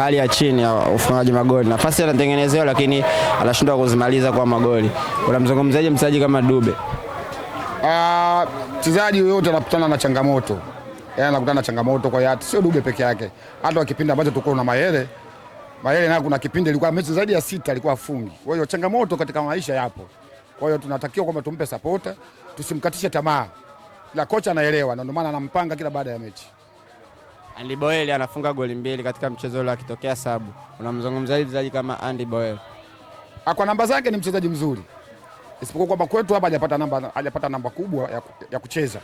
hali ya chini ya ufungaji magoli, nafasi anatengenezewa, lakini anashindwa kuzimaliza kwa magoli. Unamzungumzaje mchezaji kama Dube? Ah, mchezaji uh, yoyote anakutana na changamoto yeye anakutana na changamoto, kwa yati, sio Dube peke yake, hata kwa kipindi ambacho tulikuwa na Mayele Mayele naye kuna kipindi ilikuwa mechi zaidi ya sita alikuwa afungi. Kwa hiyo changamoto katika maisha yapo. Kwa hiyo tunatakiwa kwamba tumpe supporta, tusimkatishe tamaa. na kocha anaelewa na ndio maana anampanga kila baada ya mechi. Andy Boyle anafunga goli mbili katika mchezo ule akitokea sabu. Unamzungumzia mchezaji kama Andy Boyle? Ah, kwa namba zake ni mchezaji mzuri, isipokuwa kwamba kwetu hapa hajapata namba, hajapata namba kubwa ya, ya kucheza.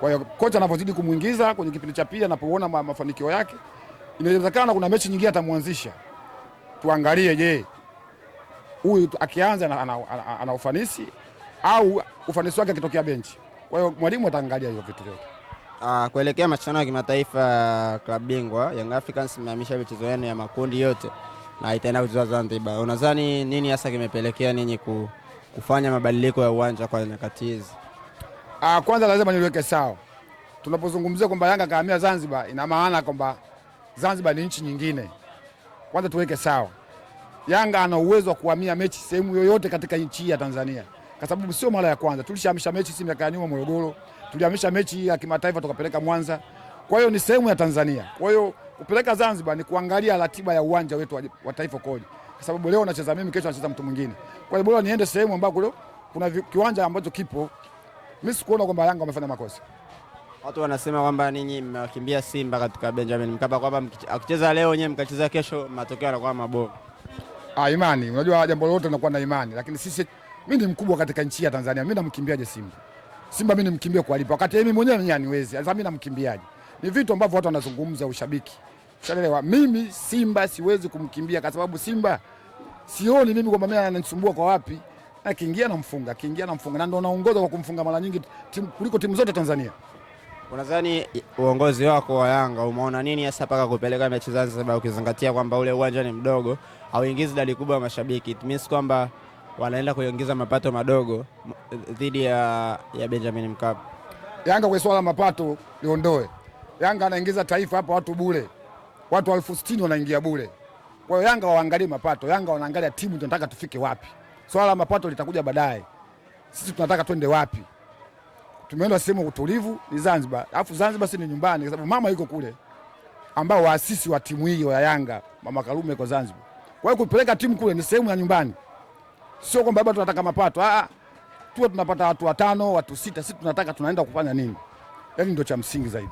Kwa hiyo kocha anavyozidi kumwingiza kwenye kipindi cha pili, anapoona ma, mafanikio yake, inawezekana kuna mechi nyingine atamwanzisha. Tuangalie, je, huyu akianza ana, ana, ana, ana ufanisi au ufanisi wake akitokea benchi? Kwa hiyo mwalimu ataangalia hiyo vitu vyote. Uh, kuelekea mashindano ya kimataifa ya klabu bingwa Young Africans imehamisha michezo yenu ya makundi yote na itaenda kuchezwa Zanzibar. Unadhani nini hasa kimepelekea ninyi kufanya mabadiliko ya uwanja kwa nyakati hizi? Uh, kwanza lazima niweke sawa. Tunapozungumzia kwamba Yanga kahamia Zanzibar ina maana kwamba Zanzibar ni nchi nyingine. Kwanza tuweke sawa. Yanga ana uwezo wa kuhamia mechi sehemu yoyote katika nchi ya Tanzania. Kwa sababu sio mara ya kwanza. Tulishahamisha mechi si miaka ya nyuma Morogoro tulihamisha mechi ya kimataifa tukapeleka Mwanza. Kwa hiyo ni sehemu ya Tanzania. Kwa hiyo kupeleka Zanzibar ni kuangalia ratiba ya uwanja wetu wa taifa koje, kwa sababu leo nacheza mimi, kesho nacheza mtu mwingine. Kwa hiyo bora niende sehemu ambako leo kuna kiwanja ambacho kipo. Mimi sikuona kwamba Yanga wamefanya makosa. Watu wanasema kwamba ninyi mmewakimbia Simba katika Benjamin Mkapa, kwamba akicheza leo wenyewe mkacheza kesho, matokeo yanakuwa mabovu. Ah, imani, unajua jambo lolote linakuwa na imani, lakini sisi, mimi ni mkubwa katika nchi ya Tanzania, mimi namkimbiaje Simba? Simba mimi nimkimbie kuwalipa, wakati mimi mwenyewe mimi aniwezi. Sasa mimi namkimbiaje? Ni vitu ambavyo watu wanazungumza ushabiki. Ushaelewa? Mimi Simba siwezi kumkimbia kwa sababu Simba sioni mimi kwamba mimi ananisumbua kwa wapi. Akiingia namfunga, akiingia namfunga na ndio naongoza kwa kumfunga mara nyingi timu, kuliko timu zote Tanzania. Unadhani uongozi wako wa Yanga umeona nini hasa paka kupeleka mechi Zanzibar, ukizingatia kwamba ule uwanja ni mdogo, hauingizi idadi kubwa ya mashabiki. It means kwamba wanaenda kuongeza mapato madogo dhidi ya, ya Benjamin Mkapa. Yanga kwa swala mapato liondoe. Yanga anaingiza taifa hapa watu bure, watu elfu sitini wanaingia bure. Kwa hiyo Yanga waangalie mapato, Yanga wanaangalia timu tunataka tufike wapi. Swala la mapato litakuja baadaye, sisi tunataka twende wapi? Tumeenda sehemu utulivu ni Zanzibar, alafu Zanzibar si ni nyumbani, kwa sababu mama yuko kule, ambao waasisi wa timu hiyo ya Yanga, mama Karume yuko Zanzibar. Kwa hiyo kupeleka timu kule ni sehemu ya nyumbani sio kwamba labda tunataka mapato ah, ah, tuwe tunapata watu watano watu sita, sisi tunataka tunaenda kufanya nini? Yani ndio cha msingi zaidi.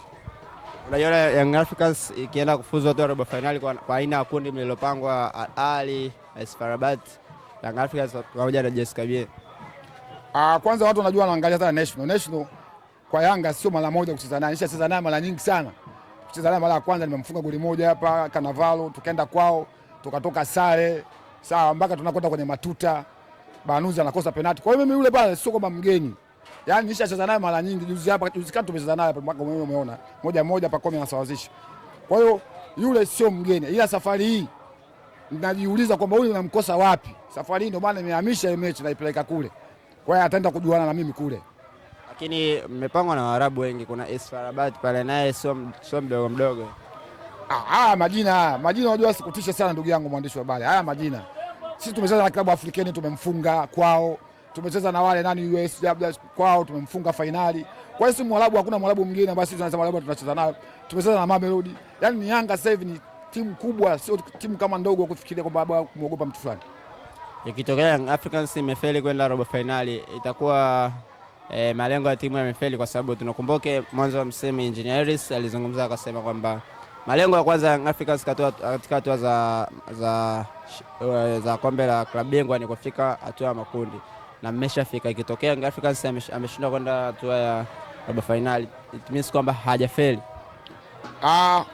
Unaiona Young Africans ikienda kufuzu hatua robo fainali kwa aina ya kundi mlilopangwa Al Ahly, AS FAR Rabat, Young Africans pamoja na JS Kabylie. Ah, kwanza watu wanajua wanaangalia sana national. National kwa Yanga sio mara moja kucheza naye, nishacheza naye mara nyingi sana. Kucheza naye mara ya kwanza nimemfunga goli moja hapa Kanavalo, tukaenda kwao tukatoka sare sawa, mpaka tunakwenda kwenye matuta Banuzi anakosa penalti. Kwa hiyo mimi yule pale sio kama mgeni. Yaani nishacheza naye mara nyingi juzi hapa juzi kati tumecheza naye hapa mwaka mmoja umeona. Moja moja Pacome anasawazisha. Kwa hiyo yule sio mgeni. Ila safari hii najiuliza kwamba huyu namkosa wapi? Safari hii ndio maana nimehamisha mechi naipeleka kule. Kwa hiyo ataenda kujuana na mimi kule. Lakini mmepangwa na Waarabu wengi, kuna Isfarabat pale naye sio sio mdogo mdogo. Ah, ah majina Majina unajua sikutisha sana ndugu yangu mwandishi wa habari. Haya majina. Sisi tumecheza na klabu Afrikeni tumemfunga kwao, tumecheza na wale nani US labda kwao tumemfunga fainali. Kwa hiyo si mwalabu, hakuna mwalabu mwingine sisi tunasema labda tunacheza nayo. Tumecheza na Mamelodi. yani ni Yanga sasa hivi ni timu kubwa, sio timu kama ndogo kufikiria kwamba baba kumuogopa mtu fulani. Ikitokea Young Africans imefeli kwenda robo fainali itakuwa e, malengo ya timu yamefeli, kwa sababu tunakumbuke mwanzo wa msimu Engineers alizungumza akasema kwamba Malengo ya kwanza Young Africans katika hatua za, za, za kombe la klabu bingwa ni kufika hatua ya makundi na mmeshafika. Ikitokea Young Africans ameshindwa kwenda hatua ya robo finali, it means kwamba hajafeli. Ah,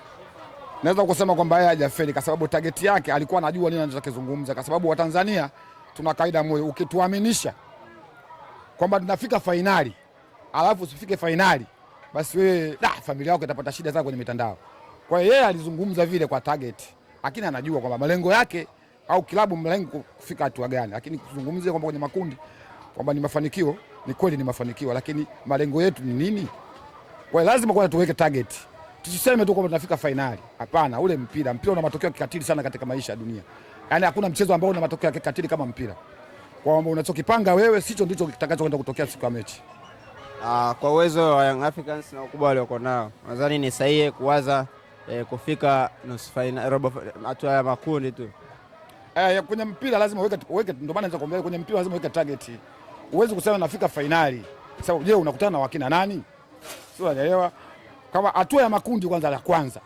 naweza kusema kwamba yeye hajafeli kwa sababu target yake alikuwa anajua nini anataka kuzungumza, kwa sababu Watanzania tuna kaida moja, ukituaminisha kwamba tunafika fainali alafu usifike fainali, basi wewe da familia yako itapata shida zako kwenye mitandao. Kwa hiyo yeye alizungumza vile kwa target, lakini anajua kwamba malengo yake au kilabu mlengo kufika hatua gani, lakini kuzungumzia kwamba kwenye makundi kwamba ni mafanikio, ni kweli ni mafanikio, lakini malengo yetu ni nini? Kwa hiyo lazima kwanza tuweke target, tusiseme tu kwamba tunafika fainali. Hapana, ule mpira mpira una matokeo kikatili sana katika maisha ya dunia, yaani hakuna mchezo ambao una matokeo kikatili kama mpira, kwamba unachokipanga wewe sicho ndicho kitakachokwenda kutokea siku ya mechi. Uh, kwa uwezo wa Young Africans na ukubwa walioko nao nadhani ni sahihi kuwaza eh, kufika nusu fainali, eh, robo hatua ya makundi tu. Eh, kwenye mpira lazima uweke uweke, ndio maana naweza kuambia kwenye mpira lazima uweke target. Uwezi kusema nafika fainali. sababu je, unakutana na wakina nani? Sio, unaelewa? Kama hatua ya makundi kwanza la kwanza.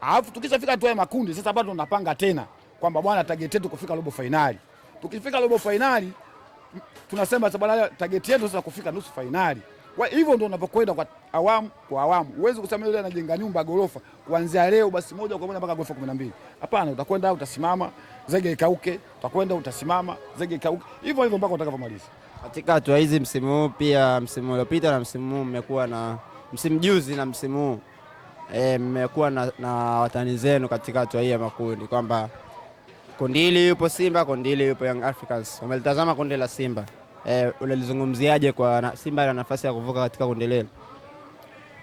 Alafu tukishafika hatua ya makundi sasa bado tunapanga tena kwamba bwana, target yetu kufika robo fainali. Tukifika robo fainali tunasema sasa bwana, target yetu sasa kufika nusu fainali. Hivyo ndio unapokwenda kwa awamu kwa awamu. Huwezi kusema yule anajenga nyumba gorofa kuanzia leo basi moja kwa moja mpaka gorofa 12. Hapana, utakwenda utasimama, zege ikauke, utakwenda utasimama, zege ikauke. Hivyo hivyo mpaka utakapomaliza. Katika hatua hizi msimu huu pia msimu uliopita na msimu huu mmekuwa na msimu juzi na msimu huu e, mmekuwa na, na watani zenu katika hatua hii ya makundi kwamba kundi hili yupo Simba, kundi hili yupo Young Africans. Wamelitazama kundi la Simba eh, unalizungumziaje kwa na, Simba na nafasi ya kuvuka katika kundi lenu?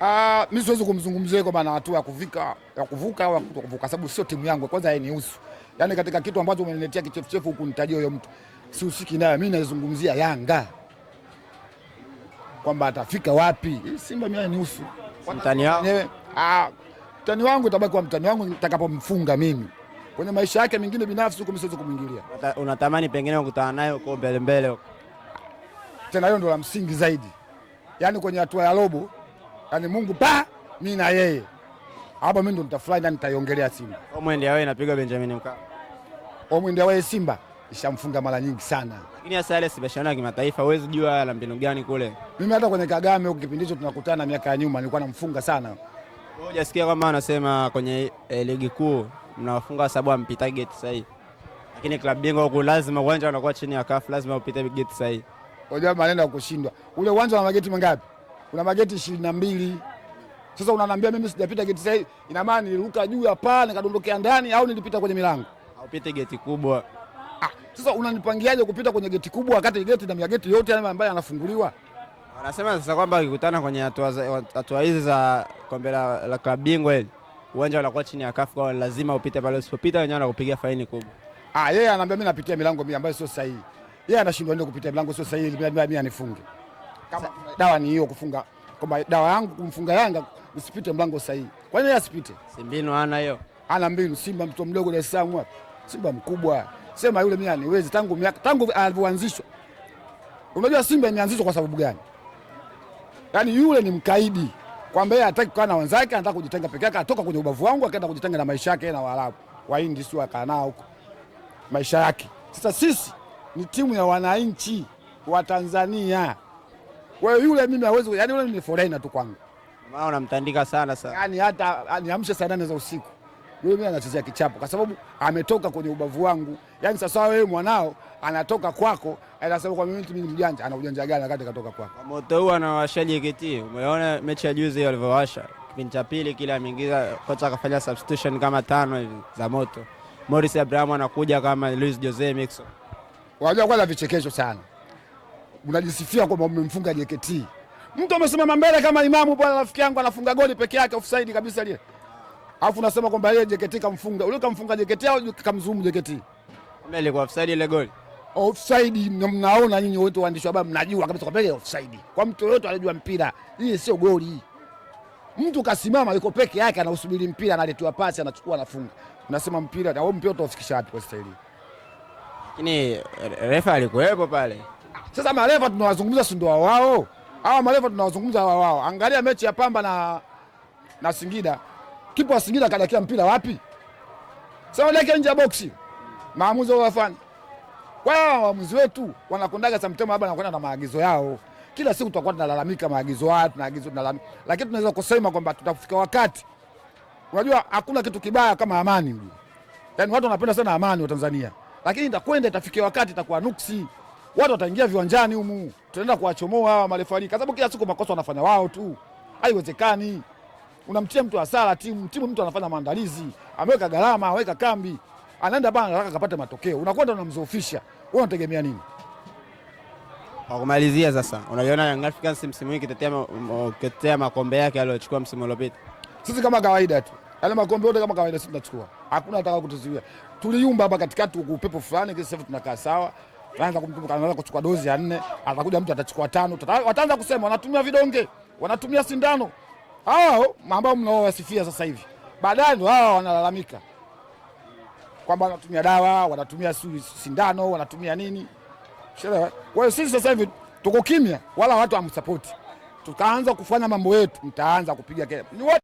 Ah, mimi siwezi kumzungumzia kwa maana hatua ya kuvika ya kuvuka au kuvuka, sababu sio timu yangu. Kwanza yeye ni usu, yaani katika kitu ambacho umeniletea kichefuchefu huku nitajio huyo mtu sihusiki naye. Mimi naizungumzia Yanga kwamba atafika wapi. Simba mimi ni usu mtani yao ah, mtani wangu itabaki kwa mtani wangu nitakapomfunga mimi kwenye maisha yake mengine binafsi, huko mimi siwezi kumwingilia. Unatamani pengine kukutana naye huko mbele mbele huko tena hiyo ndio la msingi zaidi, yaani kwenye hatua ya robo, yaani Mungu pa mi na yeye hapo, mimi ndo nitafurahi na nitaiongelea Simba. Omwendi awe inapiga Benjamin Mkapa, omwendi awe Simba ishamfunga mara nyingi sana, lakini hasa yale mashindano ya kimataifa huwezi jua la mbinu gani kule. Mimi hata kwenye Kagame huko kipindi hicho tunakutana miaka ya nyuma nilikuwa namfunga sana. Hujasikia kwamba wanasema kwenye eh, ligi kuu mnawafunga sababu ampita geti sahihi, lakini klabu bingwa huku lazima uwanja unakuwa chini ya kafu, lazima upite geti sahihi. Unajua maneno ya kushindwa. Ule uwanja una mageti mangapi? Una mageti 22. Sasa unaniambia mimi sijapita geti sasa, ina maana niliruka juu ya paa nikadondokea ndani au nilipita kwenye milango? Haupite geti kubwa. Ah, sasa unanipangiaje kupita kwenye geti kubwa wakati geti na mageti yote yale ambayo yanafunguliwa? Wanasema sasa kwamba ukikutana kwenye hatua hizi za kombe la, la klabu bingwa hili uwanja unakuwa chini ya kafu, kwa lazima upite pale, usipopita wenyewe wanakupigia faini kubwa. Ah, yeye anaambia mimi napitia milango ambayo sio sahihi yeye anashindwa ndio kupitia mlango, sio sahihi, mimi anifunge. Kama dawa ni hiyo kufunga, kwamba dawa yangu kumfunga Yanga usipite mlango sahihi. Kwa nini asipite? Si mbinu ana hiyo, ana mbinu. Simba mtoto mdogo Dar es Salaam hapa, Simba mkubwa sema yule, mimi aniwezi tangu miaka tangu alipoanzishwa. Unajua Simba imeanzishwa kwa sababu gani? Yaani yule ni mkaidi kwamba yeye hataki kukaa na wenzake, anataka kujitenga peke yake, atoka kwenye ubavu wangu akaenda kujitenga na maisha yake na Waarabu, Wahindi, sio akaa nao huko maisha yake. Sasa sisi ni timu ya wananchi wa Tanzania. Kwa hiyo yule mimi hawezi, yani yule ni foreigner tu kwangu. Maana unamtandika sana sana. Yaani hata niamshe saa nane za usiku. Yule mimi anachezea kichapo kwa sababu ametoka kwenye ubavu wangu. Yaani sasa wewe mwanao anatoka kwako, anasema kwa mimi mimi mjanja, ana ujanja gani wakati katoka kwako? Moto huu anawasha JKT. Umeona mechi ya juzi hiyo alivyowasha. Kipindi cha pili kile ameingiza kocha akafanya substitution kama tano hivi za moto. Morris Abraham anakuja kama Luis Jose Mixon. Unajua kwanza vichekesho sana. Unajisifia kwamba umemfunga JKT. Mtu amesimama mbele kama imamu bwana rafiki yangu anafunga goli peke yake offside kabisa ile. Alafu unasema kwamba yeye JKT kamfunga. Ule kamfunga JKT au kamzumu JKT? Mbele kwa offside ile goli. Offside mnaona nyinyi wote waandishi habari mnajua kabisa kwamba ile offside. Kwa mtu yote anajua mpira. Hii sio goli. Mtu kasimama yuko peke yake anausubiri mpira analetiwa pasi anachukua anafunga. Unasema mpira au mpira utafikisha wapi kwa staili? Lakini eh, refa alikuwepo pale. Sasa marefa tunawazungumza, si ndio wao hawa marefa tunawazungumza wao wao. Angalia mechi ya Pamba na, na Singida, kipa wa Singida kadakia mpira wapi? Sasa dakika nje ya boxi. maamuzi wao wafanye. Kwa hiyo Waamuzi wetu wanakondaga sometimes, labda wanakwenda na maagizo yao. Kila siku tutakuwa tunalalamika maagizo haya, tunaagizo tunalalamika, lakini tunaweza kusema kwamba tutafika wakati. Unajua hakuna kitu kibaya kama amani, yaani watu wanapenda sana amani wa Tanzania lakini itakwenda itafikia wakati itakuwa nuksi, watu wataingia viwanjani humu, tutaenda kuwachomoa hawa marefari, kwa sababu kila siku makosa wanafanya wao tu. Haiwezekani unamtia mtu hasara timu timu, mtu anafanya maandalizi, ameweka gharama, aweka kambi, anaenda bana, anataka kapate matokeo, unakwenda unamzoofisha. Wewe unategemea nini? Kwa kumalizia sasa, unaliona Young Africans msimu huu kitetea makombe yake aliyochukua msimu uliopita, sisi kama kawaida tu Yaani makombe yote kama kawaida sisi tunachukua. Hakuna ataka kutuzuia. Tuliumba hapa katikati kwa upepo fulani kisa sasa tunakaa sawa. Anaanza kumtumbuka anaanza kuchukua dozi ya nne, atakuja mtu atachukua tano. Wataanza kusema wanatumia vidonge, wanatumia sindano. Hao ambao mnaowasifia sasa hivi. Baadaye ndio hao wanalalamika kwamba wanatumia dawa, wanatumia sindano, wanatumia nini. Kwa hiyo sisi sasa hivi tuko kimya, wala watu hamsapoti. Tukaanza kufanya mambo yetu, mtaanza kupiga kelele.